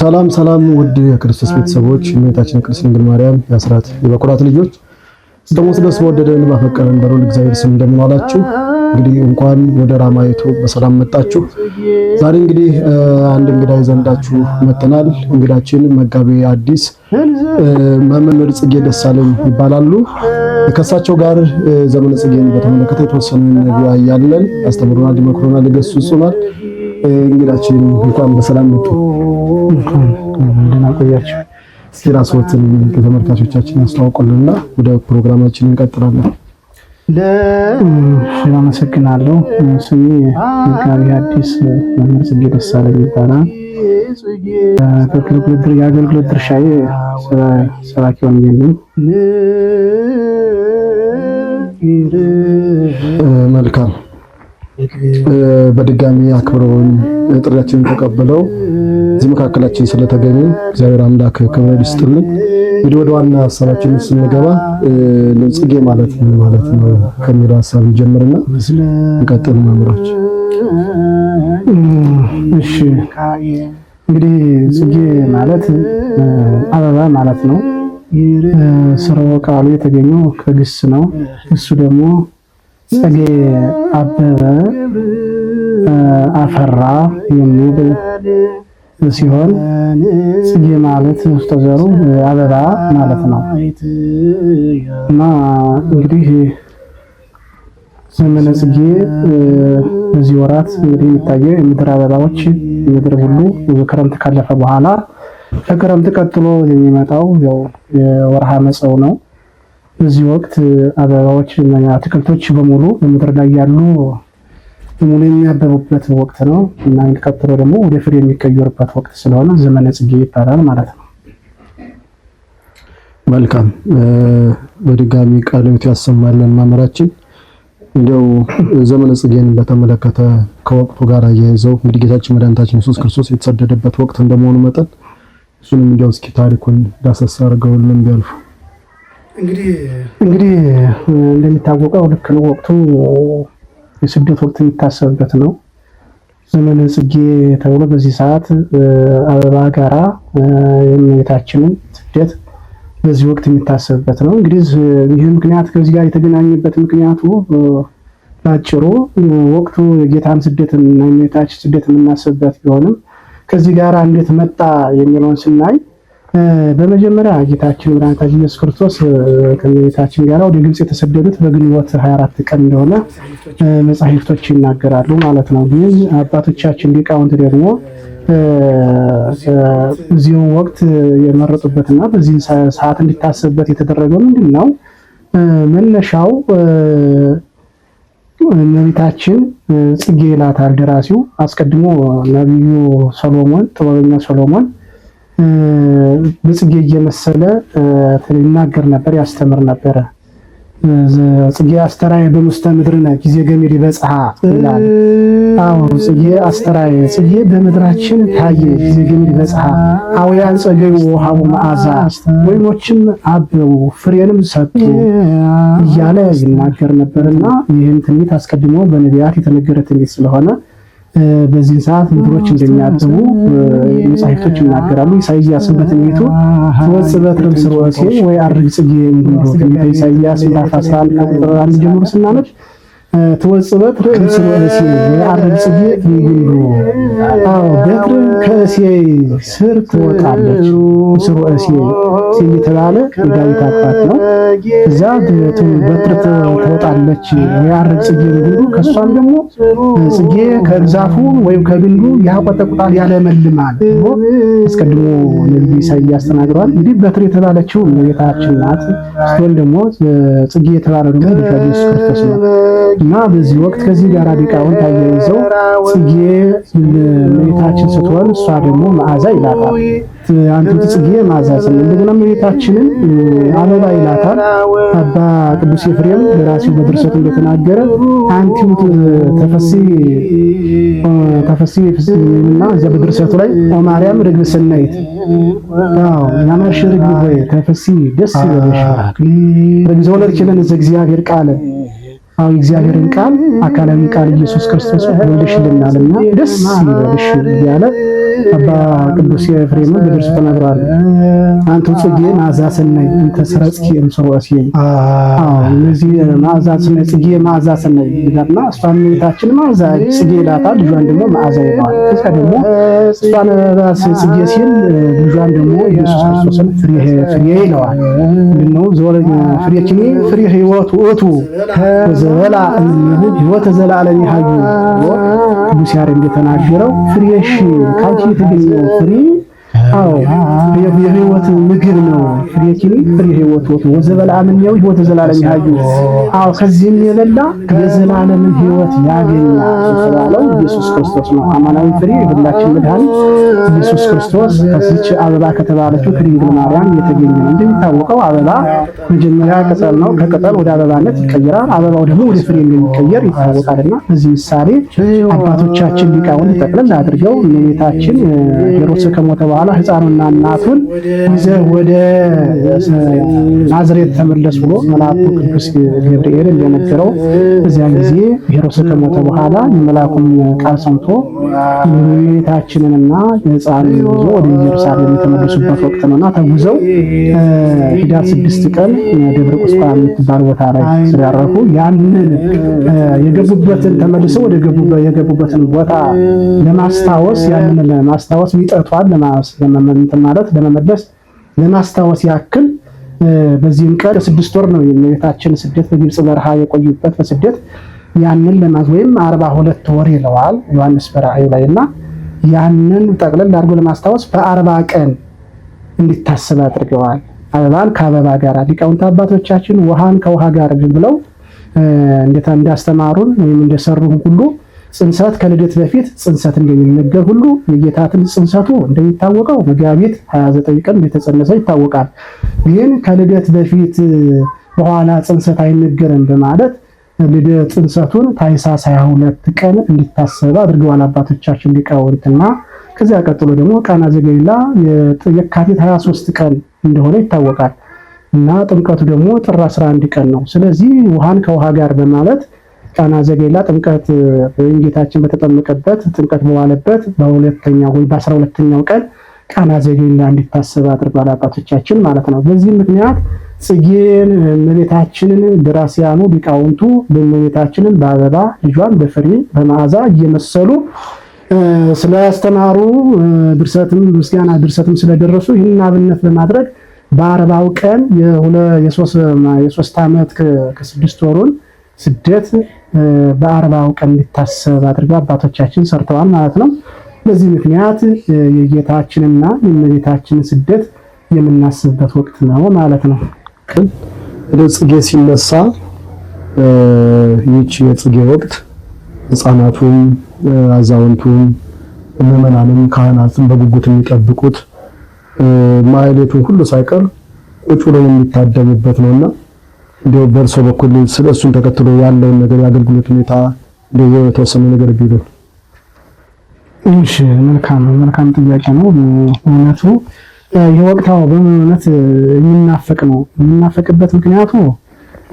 ሰላም ሰላም ውድ የክርስቶስ ቤተሰቦች እመቤታችን ቅድስት ድንግል ማርያም የአስራት የበኩራት ልጆች ደግሞ ስለስ ወደደን ባፈቀረን በሮል እግዚአብሔር ስም እንደምን ዋላችሁ? እንግዲህ እንኳን ወደ ራማይቱ በሰላም መጣችሁ። ዛሬ እንግዲህ አንድ እንግዳ ይዘንዳችሁ መጥተናል። እንግዳችን መጋቤ አዲስ መምህር ጽጌ ደሳለኝ ይባላሉ። ከእሳቸው ጋር ዘመነ ጽጌን በተመለከተ የተወሰኑ እንወያያለን። ያስተምሩናል፣ ይመክሩናል፣ ይገስጹናል። እንግዳችን እንኳን በሰላም መጡ። እስኪ ራስዎትን ተመልካቾቻችን ያስተዋውቁልንና ወደ ፕሮግራማችን እንቀጥላለን። አመሰግናለሁ። ስሜ መጋቢ ሐዲስ መምህር ጽጌ ደሳለኝ ይባላል። የአገልግሎት ድርሻዬ ሰባኪ ወንጌል ነው። መልካም በድጋሚ አክብረውን ጥሪያችንን ተቀብለው እዚህ መካከላችን ስለተገኙ እግዚአብሔር አምላክ ክብር ይስጥልን። እንግዲህ ወደ ዋና ሀሳባችን ስንገባ ጽጌ ማለት ምን ማለት ነው ከሚለው ሀሳብ እንጀምርና እንቀጥል። መምሮች እሺ፣ እንግዲህ ጽጌ ማለት አበባ ማለት ነው። ስራው ቃሉ የተገኘው ከግስ ነው። እሱ ደግሞ ጸጌ አበበ አፈራ የሚል ሲሆን ጽጌ ማለት ውስጥ ዘሩ አበባ ማለት ነው እና እንግዲህ ዘመነ ጽጌ በዚህ ወራት እንግዲህ የሚታየው የምድር አበባዎች ምድር ሁሉ ክረምት ካለፈ በኋላ ከክረምት ቀጥሎ የሚመጣው ያው የወርሃ መጸው ነው። በዚህ ወቅት አበባዎች እና አትክልቶች በሙሉ በምድር ላይ ያሉ በሙሉ የሚያበቡበት ወቅት ነው እና ቀጥሎ ደግሞ ወደ ፍሬ የሚቀየሩበት ወቅት ስለሆነ ዘመነ ጽጌ ይባላል ማለት ነው። መልካም በድጋሚ ቃልዎት ያሰማልን መምህራችን። እንዲያው ዘመነ ጽጌን በተመለከተ ከወቅቱ ጋር አያይዘው እንግዲህ ጌታችን መድኃኒታችን ኢየሱስ ክርስቶስ የተሰደደበት ወቅት እንደመሆኑ መጠን እሱንም እንዲያው እስኪ ታሪኩን ዳሰሳ አድርገውልን ቢያልፉ እንግዲህ እንደሚታወቀው ልክ ነው። ወቅቱ የስደት ወቅት የሚታሰብበት ነው። ዘመነ ጽጌ ተብሎ በዚህ ሰዓት አበባ ጋራ የእመቤታችንን ስደት በዚህ ወቅት የሚታሰብበት ነው። እንግዲህ ይህ ምክንያት ከዚህ ጋር የተገናኘበት ምክንያቱ ባጭሩ ወቅቱ የጌታን ስደትን የእመቤታችን ስደት የምናስብበት ቢሆንም ከዚህ ጋር እንዴት መጣ የሚለውን ስናይ በመጀመሪያ ጌታችን መድኃኒታችን ኢየሱስ ክርስቶስ ከጌታችን ጋር ወደ ግብፅ የተሰደዱት በግንቦት 24 ቀን እንደሆነ መጻሕፍቶች ይናገራሉ ማለት ነው። ግን አባቶቻችን ሊቃውንት ደግሞ እዚሁ ወቅት የመረጡበትና በዚህ ሰዓት እንዲታሰብበት የተደረገው ምንድን ነው? መነሻው እመቤታችን ጽጌ ይላታል ደራሲው። አስቀድሞ ነቢዩ ሰሎሞን ጥበበኛ ሰሎሞን በጽጌ እየመሰለ ይናገር ነበር፣ ያስተምር ነበረ። ጽጌ አስተራየ በውስተ ምድርነ ጊዜ ገሚድ ይበጽሐ ይላል። አዎ ጽጌ አስተራየ ጽጌ በምድራችን ታየ ጊዜ ገሚድ ይበጽሐ አውያን ጸገዩ ውሃቡ መዓዛ ወይኖችም አበቡ ፍሬንም ሰጡ እያለ ይናገር ነበርና ይህን ትንቢት አስቀድሞ በነቢያት የተነገረ ትንቢት ስለሆነ በዚህ ሰዓት ምድሮች እንደሚያጥቡ መጽሐፍቶች ይናገራሉ። ኢሳይያስ በትንቢቱ ትወጽእ በትር እምሥርወ እሴይ ወይ አርግ ጽጌ እምጉንዶ ትንቢተ ኢሳይያስ ምዕራፍ 11 ቁጥር አንድ ጀምሮ ስናነብ ትወጽበት በእምስሎ እሴ የአረብ ጽጌ ይብሉ አዎ በትር ከእሴይ ስር ትወጣለች። ምስሎ እሴ የተባለ የዳዊት አባት ነው። እዛ በትር ትወጣለች የአረብ ጽጌ ይብሉ። ከሷም ደግሞ ጽጌ ከዛፉ ወይም ከግንዱ ያቆጠቁጣል ያለመልማል ብሎ አስቀድሞ ነብዩ ኢሳይያስ ተናግሯል። እንግዲህ በትር የተባለችው እመቤታችን ናት። ስትሆን ደግሞ ጽጌ የተባለ ደግሞ ኢየሱስ ክርስቶስ ነው። እና በዚህ ወቅት ከዚህ ጋር ሊቃውንት አያይዘው ጽጌ እመቤታችን ስትሆን እሷ ደግሞ መዓዛ ይላታል። አንቱ ጽጌ መዓዛ ስንል እንደገና እመቤታችንን አበባ ይላታል። አባ ቅዱስ ኤፍሬም በራሱ በድርሰቱ እንደተናገረ አንቲዩት ተፈሲ ተፈሲ ፍስና እዚያ በድርሰቱ ላይ ማርያም ርግብ ሰናይት አዎ ያማሽ ርግብ ተፈሲ ደስ ይበልሽ ርግብ ዘወለድኪ ለነ እግዚአብሔር ቃለ አዎ እግዚአብሔርን ቃል አካላዊ ቃል ኢየሱስ ክርስቶስ ወልድሽልናልና ደስ ይበልሽ እያለ አባ ቅዱስ ኤፍሬም በደርሱ ተናግረዋል። አንተ ጽጌ መዓዛ ሰናይ እንተ ስረጽኪ እምስሮ እስዬ። አዎ እነዚህ መዓዛ ሰናይ ጽጌ መዓዛ ሰናይ ይላልና እሷን ቤታችን መዓዛ ጽጌ ይላታል፣ ልጇን ደግሞ መዓዛ ይለዋል። ከዛ ደግሞ እሷን ራስ ጽጌ ሲል ልጇን ደግሞ ኢየሱስ ክርስቶስን ፍሬ ይለዋል። ምንድነው ዘወረ ፍሬ ኪኒ ፍሬ ህይወቱ ወቱ ዘላ እምይሁ ሕይወተ ዘላለም ይሃዩ ቅዱስ ያሬድ እንደተናገረው ፍሬሽ ካንቺ የተገኘው ፍሬ የህይወት ምግብ ነው። ፍሬኪኒ ፍሬ ህይወት ወት ወዘበለዓምን ነው ህይወት ዘላለም ያዩ አዎ ከዚህም የበላ የዘላለምን ህይወት ያገኛል የተባለው ኢየሱስ ክርስቶስ ነው። አማናዊ ፍሬ የሁላችን መድኃኒት ኢየሱስ ክርስቶስ ከዚች አበባ ከተባለችው ከድንግል ማርያም የተገኘ ነው። እንደሚታወቀው አበባ መጀመሪያ ቅጠል ነው። ከቅጠል ወደ አበባነት ይቀየራል። አበባው ደግሞ ወደ ፍሬ እንደሚቀየር ይታወቃልና በዚህ ምሳሌ አባቶቻችን ሊቃውንት ጠቅለል አድርገው እመቤታችን ሄሮድስ ከሞተ በኋላ ህፃኑና እናቱን ይዘህ ወደ ናዝሬት ተመለስ ብሎ መልአኩ ቅዱስ ገብርኤል እንደነገረው እዚያን ጊዜ ሄሮድስ ከሞተ በኋላ የመልአኩም ቃል ሰምቶ እመቤታችንንና ሕፃን ይዞ ወደ ኢየሩሳሌም የተመለሱበት ወቅት ነውና ተጉዘው ሂዳር ስድስት ቀን ደብረ ቁስቋም የምትባል ቦታ ላይ ስላረፉ ያንን የገቡበትን ተመልሰው ወደ የገቡበትን ቦታ ለማስታወስ ያንን ለማስታወስ ሚጠቷን ማለት ለመመለስ ለማስታወስ ያክል በዚህም ቀን ስድስት ወር ነው የእመቤታችን ስደት በግብፅ በረሃ የቆዩበት በስደት ያንን ለማዝ ወይም አርባ ሁለት ወር ይለዋል ዮሐንስ በራእዩ ላይ እና ያንን ጠቅለል አድርጎ ለማስታወስ በአርባ ቀን እንዲታሰብ አድርገዋል። አበባን ከአበባ ጋር ሊቃውንት አባቶቻችን ውሃን ከውሃ ጋር ብለው እንዴት እንዳስተማሩን ወይም እንደሰሩን ሁሉ ጽንሰት ከልደት በፊት ጽንሰት እንደሚነገር ሁሉ የጌታትን ጽንሰቱ እንደሚታወቀው መጋቢት 29 ቀን እንደተጸነሰ ይታወቃል። ግን ከልደት በፊት በኋላ ጽንሰት አይነገርም በማለት ጽንሰቱን ታኅሳስ 22 ቀን እንዲታሰብ አድርገዋል አባቶቻችን ሊቃውንትና ከዚያ ቀጥሎ ደግሞ ቃና ዘገሊላ የካቲት 23 ቀን እንደሆነ ይታወቃል እና ጥምቀቱ ደግሞ ጥር 11 ቀን ነው። ስለዚህ ውሃን ከውሃ ጋር በማለት ቃና ዘገሊላ ጥምቀት ጌታችን በተጠመቀበት ጥምቀት በዋለበት በሁለተኛው ወይ በ 12 ቀን ቃና ዘገሊላ እንዲታሰብ አድርጓል አባቶቻችን ማለት ነው። በዚህ ምክንያት ጽጌን እመቤታችንን ደራሲያኑ ሊቃውንቱ እመቤታችንን በአበባ ልጇን በፍሬ በመዓዛ እየመሰሉ ስላስተማሩ ድርሰትም ምስጋና ድርሰትም ስለደረሱ ይህንን አብነት በማድረግ በአርባው ቀን የሶስት ዓመት ከስድስት ወሩን ስደት በአርባው ቀን እንዲታሰብ አድርገው አባቶቻችን ሰርተዋል ማለት ነው። በዚህ ምክንያት የጌታችንና የእመቤታችንን ስደት የምናስብበት ወቅት ነው ማለት ነው። ቀን ወደ ጽጌ ሲነሳ ይህች የጽጌ ወቅት ህፃናቱም አዛውንቱም ምዕመናንም ካህናትም በጉጉት የሚጠብቁት ማህሌቱ ሁሉ ሳይቀር ቁጭ ብለው የሚታደምበት ነውና እንዲያው በእርሶ በኩል ስለ እሱን ተከትሎ ያለውን ነገር የአገልግሎት ሁኔታ እንዲያው የተወሰነ ነገር ቢሉን። እሺ፣ መልካም መልካም ጥያቄ ነው እውነቱ የወቅታው በእውነት የምናፈቅ ነው። የምናፈቅበት ምክንያቱ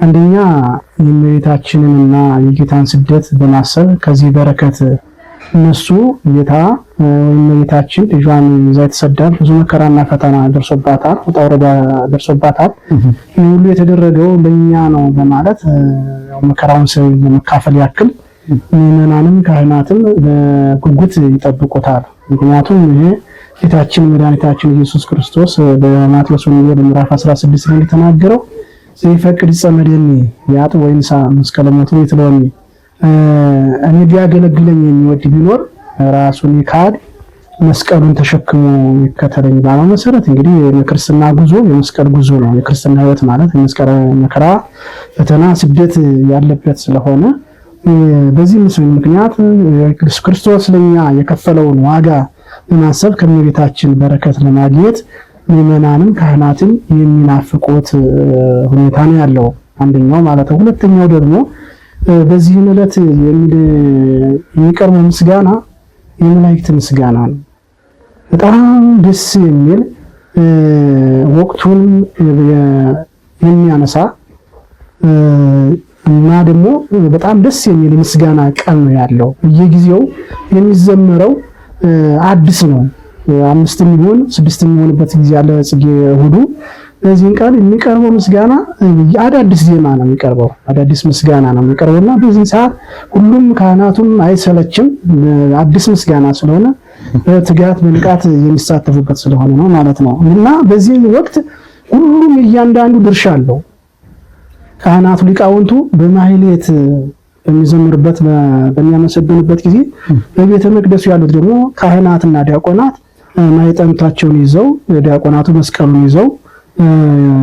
አንደኛ የእመቤታችንንና የጌታን ስደት በማሰብ ከዚህ በረከት እነሱ ጌታ ወይም እመቤታችን ልጇን ይዛ የተሰዳል። ብዙ መከራና ፈተና ደርሶባታል፣ ውጣ ውረዳ ደርሶባታል። ይህ ሁሉ የተደረገው ለእኛ ነው በማለት መከራውን ለመካፈል ያክል ምዕመናንም ካህናትም በጉጉት ይጠብቁታል። ምክንያቱም ይሄ ጌታችን መድኃኒታችን ኢየሱስ ክርስቶስ በማቴዎስ ወንጌል ምዕራፍ 16 ላይ የተናገረው ዘይፈቅድ ይጸመደኒ ያጥ ወይንሳ ሳ ሞቱ ይትለኒ እኔ ሊያገለግለኝ የሚወድ ቢኖር ራሱን ይካድ መስቀሉን ተሸክሞ ይከተለኝ ባለው መሰረት እንግዲህ የክርስትና ጉዞ የመስቀል ጉዞ ነው። የክርስትና ሕይወት ማለት የመስቀል መከራ፣ ፈተና፣ ስደት ያለበት ስለሆነ በዚህ ምስል ምክንያት ክርስቶስ ለኛ የከፈለውን ዋጋ በማሰብ ከእመቤታችን በረከት ለማግኘት ምዕመናንም ካህናትን የሚናፍቁት ሁኔታ ነው ያለው። አንደኛው ማለት ነው። ሁለተኛው ደግሞ በዚህን ዕለት የሚቀርበው ምስጋና የመላእክት ምስጋና ነው። በጣም ደስ የሚል ወቅቱን የሚያነሳ እና ደግሞ በጣም ደስ የሚል ምስጋና ቀን ነው ያለው። በየጊዜው የሚዘመረው አዲስ ነው። አምስት የሚሆን ስድስት የሚሆንበት ጊዜ አለ ጽጌ እሑዱ። በዚህን ቀን የሚቀርበው ምስጋና አዳዲስ ዜማ ነው የሚቀርበው፣ አዳዲስ ምስጋና ነው የሚቀርበው እና በዚህ ሰዓት ሁሉም ካህናቱም አይሰለችም። አዲስ ምስጋና ስለሆነ በትጋት በንቃት የሚሳተፉበት ስለሆነ ነው ማለት ነው እና በዚህ ወቅት ሁሉም እያንዳንዱ ድርሻ አለው። ካህናቱ ሊቃውንቱ በማህሌት በሚዘምርበት በሚያመሰግንበት ጊዜ በቤተ መቅደሱ ያሉት ደግሞ ካህናትና ዲያቆናት ማይጠምታቸውን ይዘው ዲያቆናቱ መስቀሉን ይዘው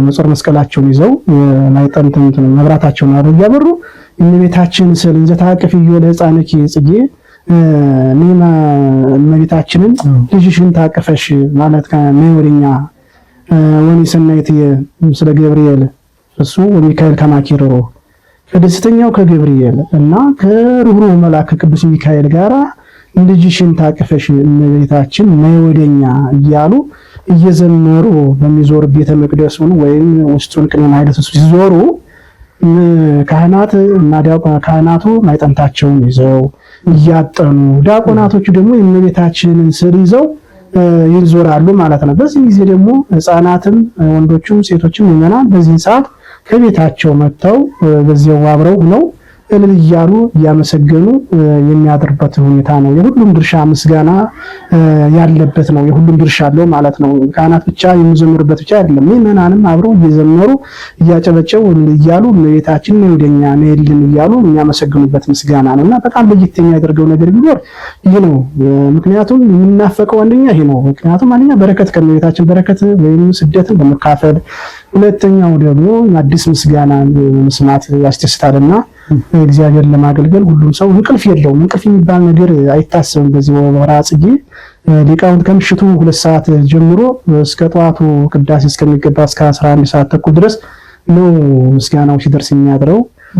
ንጹር መስቀላቸውን ይዘው ማይጠምት መብራታቸውን አብረው እያበሩ እመቤታችን ስዕል እንዘታቅፍዮ ለሕፃንኪ ጽጌ ኒማ እመቤታችንን ልጅሽን ታቅፈሽ ማለት ከመወደኛ ወኒ ስናይት ስለ ገብርኤል እሱ ወሚካኤል ከማኪሮሮ ከደስተኛው ከገብርኤል እና ከርኅሩኅ መልአክ ቅዱስ ሚካኤል ጋር ልጅሽን ታቅፈሽ እመቤታችን ነይ ወደኛ እያሉ እየዘመሩ በሚዞር ቤተ መቅደሱን ወይም ውስጡን ቅኔ ማኅሌቱ ሲዞሩ ካህናት እና ካህናቱ ማይጠንታቸውን ይዘው እያጠኑ ዲያቆናቶቹ ደግሞ የእመቤታችንን ስዕል ይዘው ይዞራሉ ማለት ነው። በዚህ ጊዜ ደግሞ ሕፃናትም ወንዶቹም ሴቶችም ይመናል። በዚህን ሰዓት ከቤታቸው መጥተው በዚያው አብረው ሆነው እልል እያሉ እያመሰገኑ የሚያድርበት ሁኔታ ነው። የሁሉም ድርሻ ምስጋና ያለበት ነው። የሁሉም ድርሻ አለው ማለት ነው። ካህናት ብቻ የሚዘምሩበት ብቻ አይደለም። ምዕመናንም አብረው እየዘመሩ እያጨበጨቡ እልል እያሉ እመቤታችን ወደኛ ነይልን እያሉ የሚያመሰግኑበት ምስጋና ነው እና በጣም ለየት የሚያደርገው ነገር ቢኖር ይህ ነው። ምክንያቱም የምናፈቀው አንደኛ ይሄ ነው። ምክንያቱም አንደኛ በረከት ከእመቤታችን በረከት ወይም ስደትን በመካፈል ሁለተኛው ደግሞ አዲስ ምስጋና መስማት ያስደስታልና እግዚአብሔር ለማገልገል ሁሉም ሰው እንቅልፍ የለውም። እንቅልፍ የሚባል ነገር አይታሰብም። በዚህ ወራ ጽጌ ሊቃውንት ከምሽቱ ሁለት ሰዓት ጀምሮ እስከ ጠዋቱ ቅዳሴ እስከሚገባ እስከ 11 ሰዓት ተኩል ድረስ ነው ምስጋናው ሲደርስ የሚያድረው።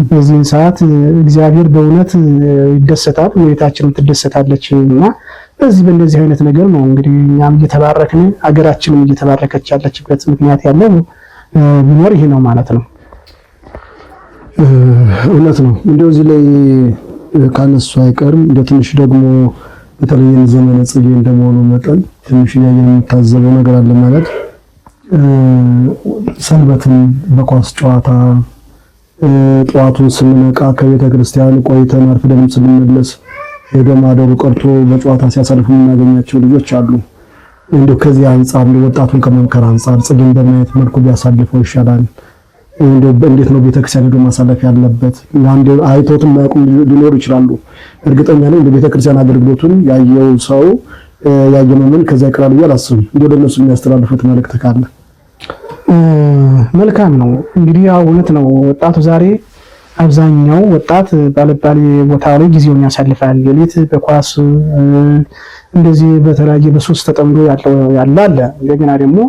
በዚህን ሰዓት እግዚአብሔር በእውነት ይደሰታል፣ ሁኔታችንም ትደሰታለች እና በዚህ በእንደዚህ አይነት ነገር ነው እንግዲህ እኛም እየተባረክን ሀገራችንም እየተባረከች ያለችበት ምክንያት ያለው ቢኖር ይሄ ነው ማለት ነው። እውነት ነው። እንደው እዚህ ላይ ካነሱ አይቀርም እንደ ትንሽ ደግሞ በተለይ ዘመነ ጽጌ እንደመሆኑ መጠን ትንሽ እያየን የምታዘበው ነገር አለ ማለት ሰንበትን በኳስ ጨዋታ ጠዋቱን ስንነቃ ከቤተ ክርስቲያን ቆይተን አርፍደንም ስንመለስ የገማደሩ ቀርቶ በጨዋታ ሲያሳልፉ የምናገኛቸው ልጆች አሉ። እንዲሁ ከዚህ አንጻር ወጣቱን ከመምከር አንጻር ጽድን በማየት መልኩ ቢያሳልፈው ይሻላል። እንዴት ነው ቤተክርስቲያን ሄዶ ማሳለፍ ያለበት? አንድ አይተውት የማያውቁም ሊኖሩ ይችላሉ። እርግጠኛ ነኝ ቤተክርስቲያን አገልግሎቱን ያየው ሰው ያየ መምን ከዛ ይቀራል ብዬ አላስብም። እንዲ ለእነሱ የሚያስተላልፉት መልእክት ካለ መልካም ነው። እንግዲህ ያው እውነት ነው ወጣቱ ዛሬ አብዛኛው ወጣት ባለባሌ ቦታ ላይ ጊዜውን ያሳልፋል። ሌሊት በኳስ እንደዚህ በተለያየ በሶስት ተጠምዶ ያለ አለ። እንደገና ደግሞ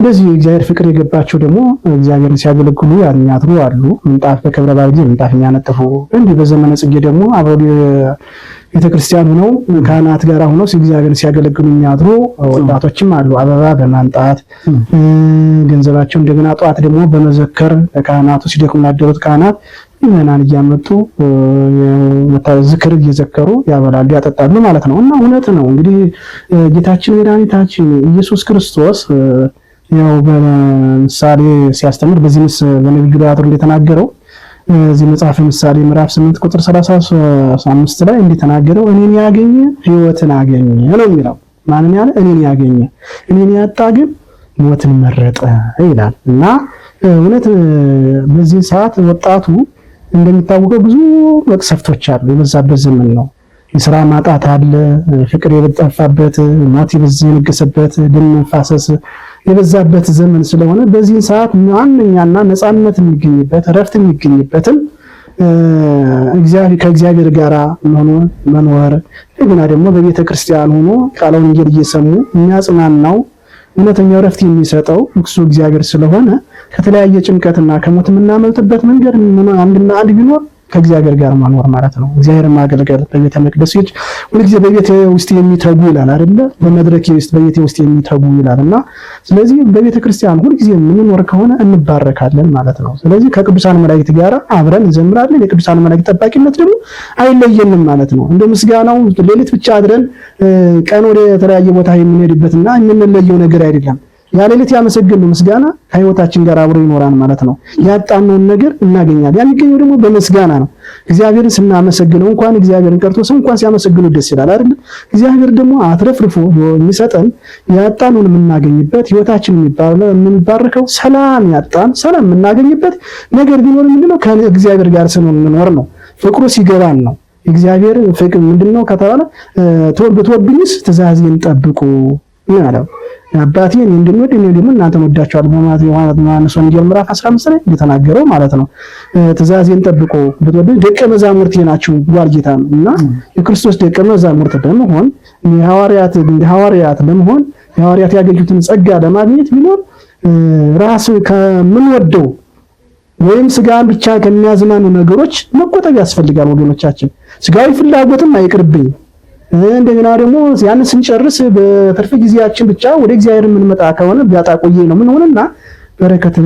እንደዚህ እግዚአብሔር ፍቅር የገባቸው ደግሞ እግዚአብሔርን ሲያገለግሉ የሚያድሩ አሉ። ምንጣፍ በክብረ በዓል ጊዜ ምንጣፍ የሚያነጥፉ እንዲህ በዘመነ ጽጌ ደግሞ አብረው ቤተክርስቲያን ሆነው ካህናት ጋር ሆነው እግዚአብሔርን ሲያገለግሉ የሚያድሩ ወጣቶችም አሉ። አበባ በማምጣት ገንዘባቸው እንደገና ጠዋት ደግሞ በመዘከር ካህናቱ ሲደክሙ ያደሩት ካህናት ምዕመናን እያመጡ ዝክር እየዘከሩ ያበላሉ፣ ያጠጣሉ ማለት ነው። እና እውነት ነው እንግዲህ ጌታችን መድኃኒታችን ኢየሱስ ክርስቶስ ያው በምሳሌ ሲያስተምር በዚህ ምስ በነቢዩ ዳያቶር እንደተናገረው እዚህ መጽሐፍ ምሳሌ ምዕራፍ ስምንት ቁጥር 35 ላይ እንደተናገረው እኔን ያገኘ ህይወትን አገኘ ነው የሚለው። ማንን ያለ እኔን ያገኘ እኔን ያጣ ግን ሞትን መረጠ ይላል እና እውነት በዚህ ሰዓት ወጣቱ እንደሚታወቀው ብዙ መቅሰፍቶች አሉ። የበዛበት ዘመን ነው። የስራ ማጣት አለ። ፍቅር የጠፋበት፣ ማት የነገሰበት፣ ደም መፋሰስ የበዛበት ዘመን ስለሆነ በዚህን ሰዓት ዋነኛና ነፃነት የሚገኝበት እረፍት የሚገኝበትም ከእግዚአብሔር ጋር መኖር እንደገና ደግሞ በቤተ ክርስቲያን ሆኖ ቃለ ወንጌል እየሰሙ የሚያጽናናው እውነተኛው እረፍት የሚሰጠው እሱ እግዚአብሔር ስለሆነ ከተለያየ ጭንቀትና ከሞት የምናመልጥበት መንገድ አንድና አንድ ቢኖር ከእግዚአብሔር ጋር ማኖር ማለት ነው። እግዚአብሔር ማገልገል በቤተ መቅደስ ውጭ ሁልጊዜ በቤቴ ውስጥ የሚተጉ ይላል አይደለ? በመድረክ ውስጥ በቤቴ ውስጥ የሚተጉ ይላል እና ስለዚህ በቤተ ክርስቲያን ሁልጊዜ የምንኖር ከሆነ እንባረካለን ማለት ነው። ስለዚህ ከቅዱሳን መላእክት ጋር አብረን እንዘምራለን። የቅዱሳን መላእክት ጠባቂነት ደግሞ አይለየንም ማለት ነው። እንደ ምስጋናው ሌሊት ብቻ አድረን ቀን ወደ ተለያየ ቦታ የምንሄድበትና የምንለየው ነገር አይደለም። ያ ሌሊት ያመሰገነው ምስጋና ከህይወታችን ጋር አብሮ ይኖራል ማለት ነው። ያጣነውን ነገር እናገኛለን። ያ የሚገኘው ደግሞ በምስጋና ነው። እግዚአብሔርን ስናመሰግነው እንኳን እግዚአብሔርን ቀርቶ ሰው እንኳን ሲያመሰግኑ ደስ ይላል አይደል? እግዚአብሔር ደግሞ አትረፍርፎ የሚሰጠን ያጣነውን የምናገኝበት ህይወታችን የምንባርከው ሰላም ያጣን ሰላም የምናገኝበት ነገር ቢኖር ምንድነው? ከእግዚአብሔር ጋር ስንኖር ነው። ፍቅሩ ሲገባን ነው። እግዚአብሔር ፍቅር ምንድነው ከተባለ በተወዱኝስ ትእዛዜን ጠብቁ ይላል። አባቴ እኔ እንድንወድ እኔ ደግሞ እናንተን ወዳችኋለሁ በማለት ዮሐንስ ወንጌል ምዕራፍ 15 ላይ እንደተናገረው ማለት ነው። ትእዛዜን ጠብቆ ብትወዱ ደቀ መዛሙርት ናችሁ ብሏል ጌታ ነው እና የክርስቶስ ደቀ መዛሙርት በመሆን የሐዋርያት ሐዋርያት በመሆን የሐዋርያት ያገኙትን ጸጋ ለማግኘት ቢኖር ራስ ከምንወደው ወይም ስጋን ብቻ ከሚያዝናኑ ነገሮች መቆጠብ ያስፈልጋል ወገኖቻችን። ስጋዊ ፍላጎትም አይቅርብኝ እንደገና ደግሞ ያንን ስንጨርስ በትርፍ ጊዜያችን ብቻ ወደ እግዚአብሔር የምንመጣ ከሆነ ቢያጣ ቆየ ነው ሆነና በረከት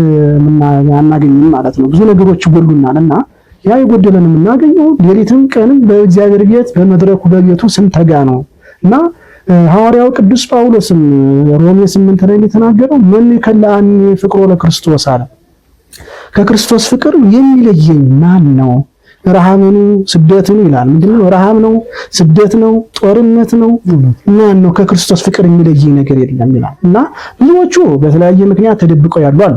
አናገኝም ማለት ነው። ብዙ ነገሮች ይጎሉናል እና ያ የጎደለን የምናገኘው ሌሊትም ቀንም በእግዚአብሔር ቤት በመድረኩ በቤቱ ስንተጋ ነው እና ሐዋርያው ቅዱስ ጳውሎስም ሮሜ ስምንት ላይ እንደተናገረው ምን ከላኒ ፍቅሮ ለክርስቶስ አለ ከክርስቶስ ፍቅር የሚለየኝ ማን ነው? ረሃብኑ ስደትኑ ይላል። ምንድነው? ረሃም ነው፣ ስደት ነው፣ ጦርነት ነው። ማን ነው ከክርስቶስ ፍቅር የሚለይ ነገር የለም ይላል እና ብዙዎቹ በተለያየ ምክንያት ተደብቀው ያሉ አሉ።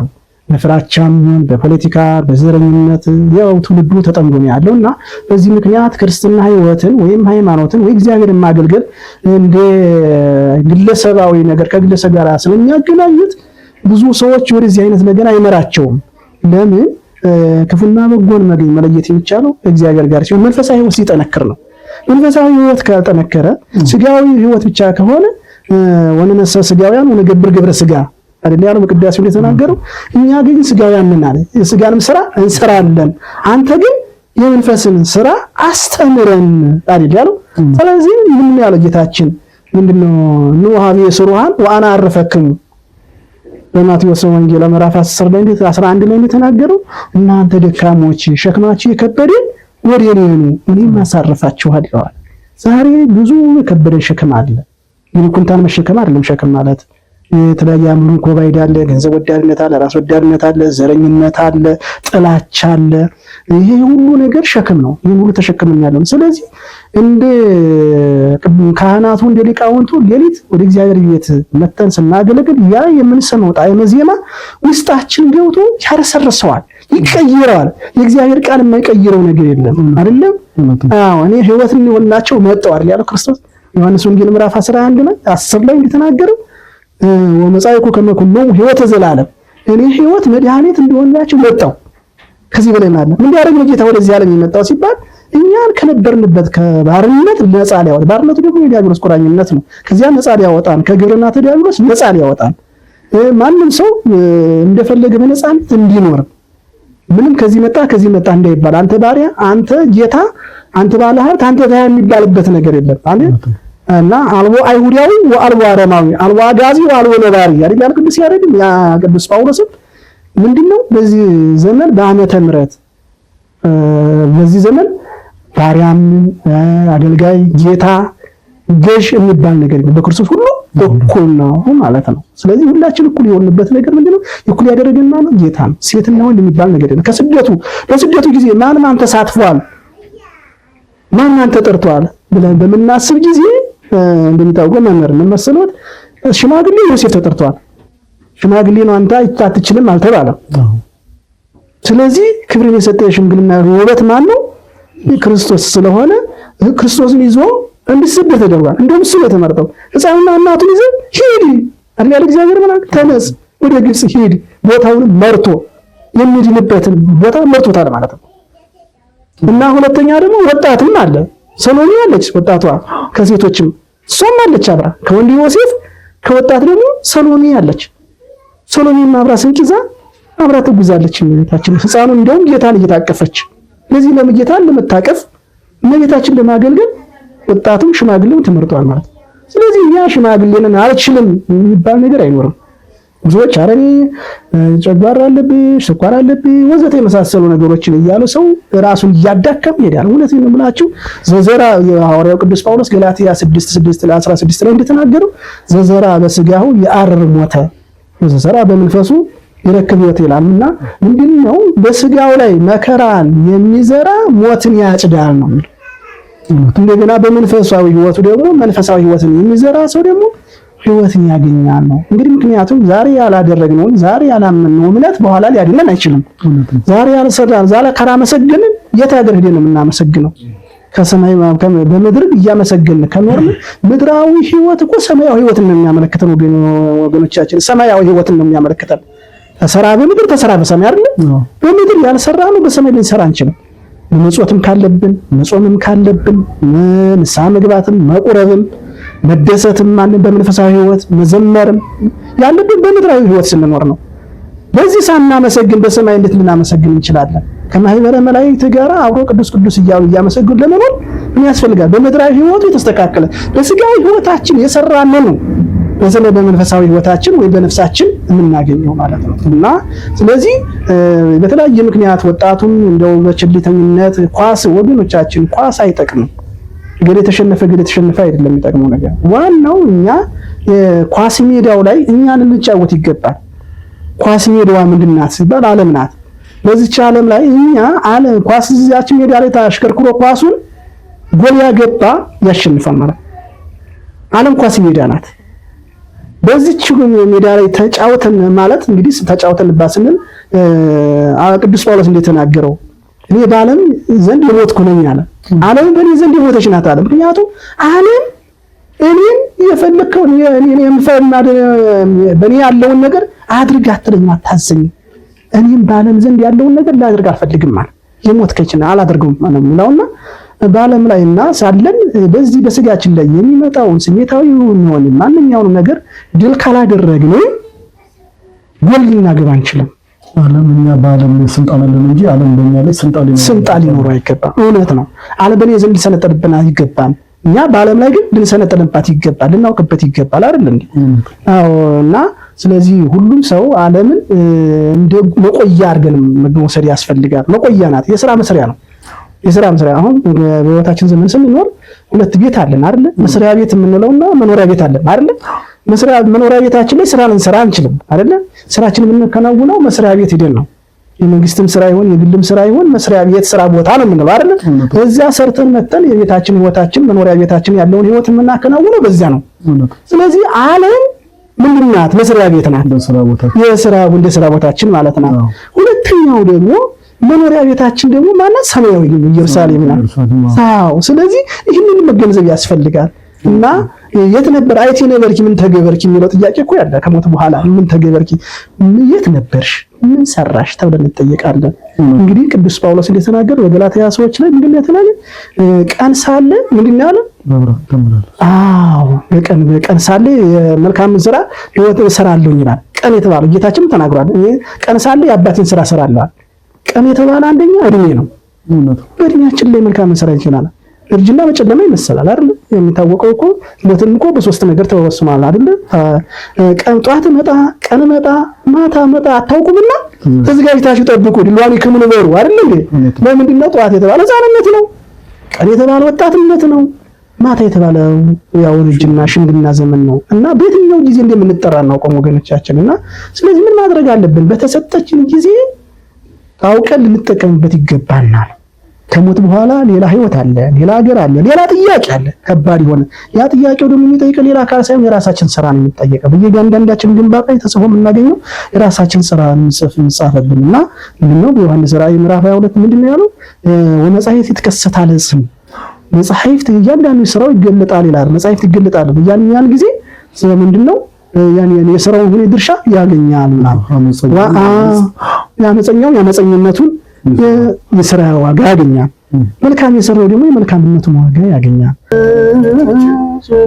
በፍራቻም በፖለቲካ በዘረኝነት ያው ትውልዱ ተጠምዶ ነው ያለው እና በዚህ ምክንያት ክርስትና ሕይወትን ወይም ሃይማኖትን ወይ እግዚአብሔርን ማገልገል እንደ ግለሰባዊ ነገር ከግለሰብ ጋር ስለሚያገናኙት ብዙ ሰዎች ወደዚህ አይነት ነገር አይመራቸውም። ለምን ክፉና በጎን መለየት የሚቻለው እግዚአብሔር ጋር ሲሆን መንፈሳዊ ህይወት ሲጠነክር ነው። መንፈሳዊ ህይወት ካልጠነከረ ስጋዊ ህይወት ብቻ ከሆነ ወነነሰ ስጋውያን ወነገብር ግብረ ስጋ አይደል ያለው በቅዳሴው የተናገረው። እኛ ግን ስጋውያን ነን አለ። የስጋንም ስራ እንሰራለን፣ አንተ ግን የመንፈስን ስራ አስተምረን አይደል ያለው። ስለዚህ ምን ያለው ጌታችን ምንድነው ንውሃቤ ስሩሃን ወአና አረፈክም በማቴዎስ ወንጌል ምዕራፍ 10 ላይ እንዴት 11 ላይ እንደተናገረው እናንተ ደካሞች ሸክማችሁ የከበደ ወደ እኔ ኑ እኔም አሳርፋችኋለሁ ዛሬ ብዙ የከበደ ሸክም አለ። ምን ኩንታን መሸከም አይደለም ሸክም ማለት የተለያየ አእምሮ ኮባይድ አለ፣ ገንዘብ ወዳድነት አለ፣ ራስ ወዳድነት አለ፣ ዘረኝነት አለ፣ ጥላቻ አለ ይሄ ሁሉ ነገር ሸክም ነው። ይሄ ሁሉ ተሸክመን ያለው ስለዚህ እንደ ካህናቱ እንደ ሊቃውንቱ ሌሊት ወደ እግዚአብሔር ቤት መተን ስናገለግል ያ የምንሰማው ጣዕመ ዜማ ውስጣችን ገብቶ ያረሰርሰዋል፣ ይቀይረዋል። የእግዚአብሔር ቃል የማይቀይረው ነገር የለም አይደለም? አዎ እኔ ህይወት እንሆናቸው መጣው አይደል ያለው ክርስቶስ ዮሐንስ ወንጌል ምዕራፍ 11 ላይ 10 ላይ እንደተናገረው ወመጻይኩ ከመ ኩሎሙ ህይወተ ዘላለም እኔ ህይወት መድኃኒት እንደሆንላችሁ መጣው ከዚህ በላይ ማለት ነው። ምን ሊያደርግ ነው ጌታ ወደዚህ ዓለም የመጣው ሲባል እኛን ከነበርንበት ከባርነት ነፃ ሊያወጣ፣ ባርነቱ ደግሞ የዲያብሎስ ቁራኝነት ነው። ከዚያ ነፃ ሊያወጣን፣ ከግብርና ተዲያብሎስ ነፃ ሊያወጣን፣ ማንም ሰው እንደፈለገ በነፃነት እንዲኖር ምንም ከዚህ መጣ ከዚህ መጣ እንዳይባል፣ አንተ ባሪያ፣ አንተ ጌታ፣ አንተ ባለ ሀብት፣ አንተ ታያ የሚባልበት ነገር የለም አይደል? እና አልቦ አይሁዳዊ ወአልቦ አረማዊ አልቦ አጋዚ ወአልቦ ነባሪ አይደል? ቅዱስ ያሬድም ያ ቅዱስ ጳውሎስም ምንድነው በዚህ ዘመን በአመተ ምረት በዚህ ዘመን ባሪያም አገልጋይ፣ ጌታ፣ ገዥ የሚባል ነገር በክርስቶስ ሁሉ እኩል ነው ማለት ነው። ስለዚህ ሁላችን እኩል የሆንበት ነገር ምንድነው? እኩል ያደረገን ነው? ጌታ ነው። ሴትና ወንድ የሚባል ነገር የለም። ከስደቱ በስደቱ ጊዜ ማን ማን ተሳትፏል፣ ማን ማን ተጠርቷል ብለን በምናስብ ጊዜ እንደሚታወቀው መምህር ምን መሰሎት ሽማግሌ ዮሴፍ ተጠርቷል። ሽማግሌ ነው አንተ አትችልም አልተባለም። ስለዚህ ክብርን የሰጠ የሽምግልና ውበት ማን ነው? ክርስቶስ ስለሆነ ክርስቶስን ይዞ እንዲሰደድ ተደርጓል። እንደውም እሱ የተመረጠው ሕፃኑና እናቱን ይዘ ሂድ አለ እግዚአብሔር መልአክ፣ ተነስ ወደ ግብፅ ሂድ፣ ቦታውን መርቶ የሚድንበትን ቦታ መርቶታል ማለት ነው። እና ሁለተኛ ደግሞ ወጣትም አለ። ሰሎሚ አለች ወጣቷ፣ ከሴቶችም እሷም አለች አብራ ከወንድ ዮሴፍ፣ ከወጣት ደግሞ ሰሎሚ አለች። ሰሎሜም አብራ ስንቂዛ አብራ ተጉዛለች። እመቤታችን ሕፃኑ እንዲያውም ጌታን እየታቀፈች ለዚህ ለምጌታን ለመታቀፍ እመቤታችን ለማገልገል ወጣቱም ሽማግሌው ተመርጧል ማለት ነው። ስለዚህ እኛ ሽማግሌንን አልችልም የሚባል ነገር አይኖርም። ብዙዎች አረኔ ጨጓራ አለብሽ፣ ስኳር አለብሽ ወዘተ የመሳሰሉ ነገሮችን እያሉ ሰው ራሱን እያዳከም ይሄዳል። እውነት ነው የምላችሁ ዘዘራ የሐዋርያው ቅዱስ ጳውሎስ ገላትያ 6 6 16 ላይ እንደተናገረው ዘዘራ በስጋው የአርር ሞተ ስሰራ በመንፈሱ ይረክብ ሕይወት ይላልና ምንድን ነው በስጋው ላይ መከራን የሚዘራ ሞትን ያጭዳል ነው። እንደገና በመንፈሳዊ ህይወቱ ደግሞ መንፈሳዊ ሕይወትን የሚዘራ ሰው ደግሞ ሕይወትን ያገኛል ነው። እንግዲህ ምክንያቱም ዛሬ ያላደረግነውን ዛሬ ያላመንነው እምነት በኋላ ሊያድነን አይችልም። ዛሬ ያልሰራን ዛሬ ካላመሰገንን የት ሀገር ሄደን ነው የምናመሰግነው? ከሰማይ በምድር እያመሰገን ከኖርን ምድራዊ ህይወት እኮ ሰማያዊ ህይወት ነው የሚያመለክተን። ወገኖቻችን ሰማያዊ ህይወት ነው የሚያመለክተን። ተሰራ በምድር ተሰራ በሰማይ አይደል? በምድር ያልሰራ ነው በሰማይ ልንሰራ አንችልም። መጾትም ካለብን መጾምም ካለብን ንሳ መግባትም መቁረብም መደሰትም አለን። በመንፈሳዊ ህይወት መዘመርም ያለብን በምድራዊ ህይወት ስንኖር ነው። በዚህ ሳናመሰግን በሰማይ እንዴት ልናመሰግን እንችላለን? ከማህበረ መላእክት ጋር አብሮ ቅዱስ ቅዱስ እያሉ እያመሰግኑ ለመኖር ምን ያስፈልጋል? በምድራዊ ህይወቱ የተስተካከለ በስጋዊ ህይወታችን የሰራ ነው። በተለይ በመንፈሳዊ ህይወታችን ወይ በነፍሳችን የምናገኘው ማለት ነው። እና ስለዚህ በተለያየ ምክንያት ወጣቱም እንደው በቸልተኝነት ኳስ፣ ወገኖቻችን ኳስ አይጠቅምም። እገሌ የተሸነፈ እገሌ የተሸነፈ አይደለም የሚጠቅመው ነገር። ዋናው እኛ ኳስ ሜዳው ላይ እኛን ልንጫወት ይገባል። ኳስ ሜዳዋ ምንድን ናት ሲባል ዓለም ናት። በዚች ዓለም ላይ እኛ አለ ኳስ እዚያች ሜዳ ላይ ታሽከርክሮ ኳሱን ጎል ያገባ ያሸንፋል ማለት ዓለም ኳስ ሜዳ ናት። በዚች ሜዳ ላይ ተጫወተን ማለት እንግዲህ ተጫወተንባት ስንል ቅዱስ ጳውሎስ እንደተናገረው እኔ በዓለም ዘንድ የሞትኩ ነኝ አለ። ዓለም በእኔ ዘንድ የሞተች ናት አለ። ምክንያቱም ዓለም እኔን የፈለግከውን በእኔ ያለውን ነገር አድርግ አትለኝ፣ አታዘኝም እኔም በዓለም ዘንድ ያለውን ነገር ላደርግ አልፈልግም አለ። የሞት ከችን አላደርገውም ነው የሚለውና በዓለም ላይ እና ሳለን በዚህ በስጋችን ላይ የሚመጣውን ስሜታዊ የሚሆን ማንኛውንም ነገር ድል ካላደረግነው ጎል ልናገብ አንችልም። ዓለም እኛ በዓለም ስልጣን አለን እንጂ ዓለም በእኛ ላይ ስልጣን ሊኖረው አይገባም። እውነት ነው። ዓለም በእኔ ዘንድ ሊሰለጠንብን አይገባም። እኛ በዓለም ላይ ግን ልንሰነጠልባት ይገባል፣ ልናውቅበት ይገባል አይደል እንዴ? አዎ። እና ስለዚህ ሁሉም ሰው ዓለምን እንደ መቆያ አድርገን መውሰድ ያስፈልጋል። መቆያ ናት፣ የስራ መስሪያ ነው። የስራ መስሪያ አሁን በህይወታችን ዘመን ስንኖር ሁለት ቤት አለን አይደል? መስሪያ ቤት የምንለውና መኖሪያ ቤት አለን አይደል? መስሪያ መኖሪያ ቤታችን ላይ ስራ ልንሰራ አንችልም አይደል? ስራችን የምንከናውነው መስሪያ ቤት ሄደን ነው የመንግስትም ስራ ይሁን የግልም ስራ ይሁን መስሪያ ቤት ስራ ቦታ ነው የምንለው አይደል? በዚያ ሰርተን መተን የቤታችን ህይወታችን መኖሪያ ቤታችን ያለውን ህይወት የምናከናውነው በዚያ ነው። ስለዚህ ዓለም ምንድን ናት? መስሪያ ቤት ናት። የስራ እንደ ስራ ቦታችን ማለት ናት። ሁለተኛው ደግሞ መኖሪያ ቤታችን ደግሞ ማለት ሰማያዊ ኢየሩሳሌም ናት። አዎ። ስለዚህ ይህንን መገንዘብ ያስፈልጋል እና የት ነበር አይቲ ነበርኪ ምን ተገበርኪ የሚለው ጥያቄ እኮ ያለ ከሞት በኋላ ምን ተገበርኪ የት ነበርሽ ምን ሰራሽ ተብለን እንጠየቃለን። እንግዲህ ቅዱስ ጳውሎስ እንደተናገረ በገላትያ ሰዎች ላይ ምንድን ነው ቀን ሳለ ምንድን ያለ? አዎ በቀን በቀን ሳለ የመልካም ስራ ህይወት እሰራለሁ ይላል። ቀን የተባለው ጌታችንም ተናግሯል። ቀን ሳለ የአባቴን ስራ እሰራለሁ። ቀን የተባለ አንደኛ እድሜ ነው። በእድሜያችን ላይ መልካም ስራ ይችላል። እርጅና በጨለማ ይመሰላል አይደል? የሚታወቀው እኮ ሞትም እኮ በሶስት ነገር ተወስኗል አይደለ? ቀን ጧት መጣ፣ ቀን መጣ፣ ማታ መጣ አታውቁምና ተዘጋጅታችሁ ጠብቁ ድሏን ይክምን በሩ አይደለ እንዴ? ለምንድን ነው ጧት የተባለ ህፃንነት ነው፣ ቀን የተባለ ወጣትነት ነው፣ ማታ የተባለ ያው ልጅና ሽምግልና ዘመን ነው እና በየትኛው ጊዜ እንደምንጠራ እናውቀም ወገኖቻችን። እና ስለዚህ ምን ማድረግ አለብን? በተሰጠችን ጊዜ አውቀን ልንጠቀምበት ይገባናል። ከሞት በኋላ ሌላ ህይወት አለ፣ ሌላ ሀገር አለ፣ ሌላ ጥያቄ አለ። ከባድ የሆነ ያ ጥያቄው ደግሞ የሚጠይቀው ሌላ አካል ሳይሆን የራሳችን ስራ ነው የሚጠየቀው። በየጋንዳንዳችን ግንባር ላይ ተጽፎ የምናገኘው የራሳችን ስራ ምጽፍ የሚጻፈብን እና ምንድነው በዮሐንስ ራእይ ምዕራፍ 22 ምንድነው ያለው? ወመጻሕፍት የተከሰተ ስም መጻሕፍት እያንዳንዱ ስራው ይገለጣል ይላል። መጻሕፍት ይገለጣል ያን ጊዜ ምንድነው የስራውን ሁኔ ድርሻ ያገኛል። አመፀኛው ያመፀኝነቱን የስራ ዋጋ ያገኛል። መልካም የሰራው ደግሞ የመልካምነቱን ዋጋ ያገኛል። ከበጊራ